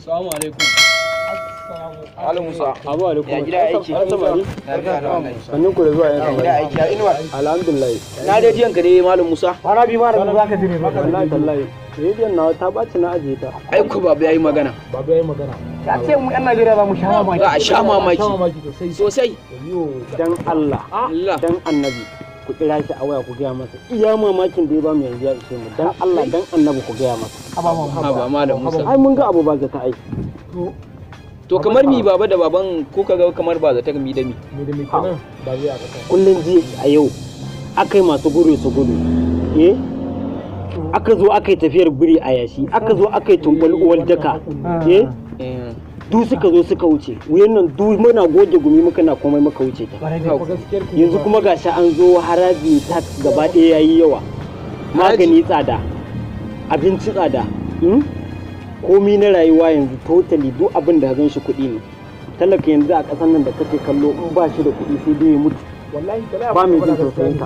Assalamu alaikum. Alu Musa. Abu alaikum. Ya gida aiki. Asabari. Sannin ku da zuwa yanzu. Gida aiki. Ya Alhamdulillah. Na dai jiyan ka ne Malam Musa. Malam Musa ka jire Wallahi tallahi. Rediyon nawa ta ɓaci na ta. Ai ku babu yayi magana. Babu yayi magana. Ya ce mu yan Najeriya za mu sha mamaki. a sha mamaki. Sosai. Dan Allah. Dan Annabi. ku kira shi a waya ku gaya masa iya mamakin da ya ba mu yanzu ya ishe mu dan Allah dan annabi ku gaya masa haba malam Musa ai mun ga abu ba zata ai to kamar mi baba da baban ko kaga kamar ba zata mi da mi kullun ji a yau akai masu gure su gudu eh aka zo aka yi tafiyar biri a yashi aka zo aka yi tumbal uwal daka ah. eh, eh. duk suka zo suka wuce wuyan nan duk muna goge gumi muka na komai muka wuce ta yanzu kuma gashi an zo haraji tax gaba ɗaya yayi yawa magani tsada abinci tsada hmm? komi na rayuwa yanzu totally duk abin da gan shi kuɗi ne talaka yanzu a ƙasar nan da kake kallo in ba shi da kuɗi sai dai ya mutu ba mai jin tausayin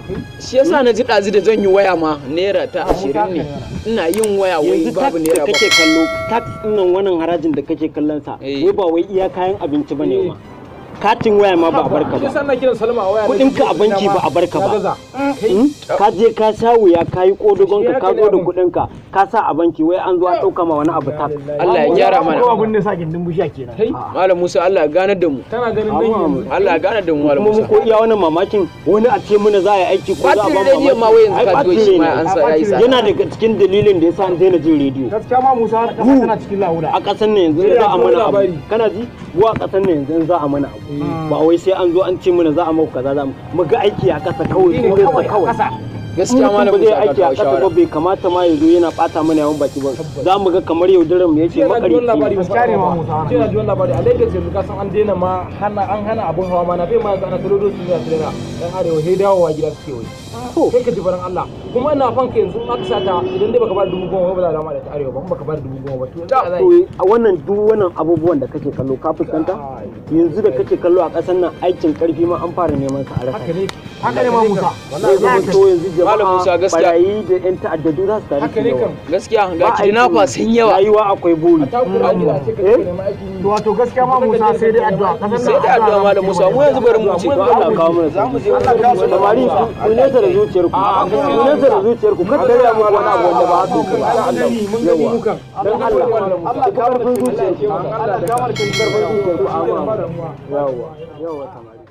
shi yasa na ji ɗazu da zan yi waya ma naira ta ashirin ne ina yin waya wai babu naira ba kake kallo tax nan wannan harajin da kake kallon sa eh. wai ba wai iya kayan abinci bane ba eh. katin waya ma ba a barka ba kudin ka a banki ba a barka ba hmm? Hmm? ka je ka sa wuya ka yi kodogon ka ka zo da kudin ka ka sa a banki wai an zuwa dauka ma wani abu ta Allah ya gyara mana ko abun da sa gindin bushiya kenan malam Musa Allah ya ganar da mu tana ganin dangi Allah ya ganar da mu malam Musa ko iya wani mamakin wani a ce mana za a yi aiki ko za a ba mu ma wai yanzu ka zo shi ma an sa yayi sa yana daga cikin dalilin da yasa an daina jin rediyo gaskiya ma Musa a kasan ne yanzu za a mana abu kana ji wa kasan ne yanzu za a mana abu ba wai sai an zo an ce mana za a maka kaza za mu ga aiki a kasa kawai kuma kawai gaskiya ma ba zai aiki a kasa ba bai kamata ma yanzu yana bata mana yawan baki ba za mu ga kamar yaudaran mu yake makari ce labari gaskiya ma ce na jiwon labari a Lagos yanzu ka san an daina ma hana an hana abun hawa ma na bai ma yanzu ana turo su da tsirena dan arewa sai dawowa gida suke wai kai ka ji faran Allah kuma ina fan ka yanzu aka sata idan dai baka bada dubu goma ba za a dama da ta arewa ba kuma baka ba dubu goma ba to da za a wannan duk wannan abubuwan da kake kallo ka fuskanta yanzu da kake kallo a kasan nan aikin karfi ma an fara neman ka a rasa haka ne ma Musa wallahi to yanzu jama'a Musa gaskiya barayi da yan ta'addadu za su tare haka ne kam gaskiya ga kidnapper sun yawa rayuwa akwai buri to wato gaskiya ma Musa sai dai addu'a sai dai addu'a malam Musa mu yanzu bari mu ce Allah kawo mu za mu je Allah kawo mu samari ku ne da zuciyar ku ku ne da zuciyar ku kada ya mu wani abu wanda ba su ku Allah mun gani mu kan dan Allah Allah kawo zuciyar ku Allah kawo karfin zuciyar ku yawa yawa